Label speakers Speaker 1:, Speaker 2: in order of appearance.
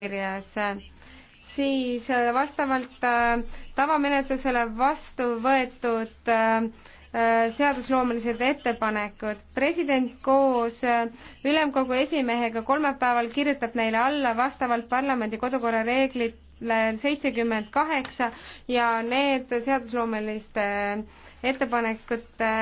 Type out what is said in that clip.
Speaker 1: kirjas, siis äh, vastavalt äh, tavamenetlusele vastu võetud äh, seadusloomelised ettepanekud. president koos ülemkogu esimehega kolmapäeval kirjutab neile alla vastavalt parlamendi kodukorra reeglile seitsekümmend kaheksa ja need seadusloomeliste ettepanekute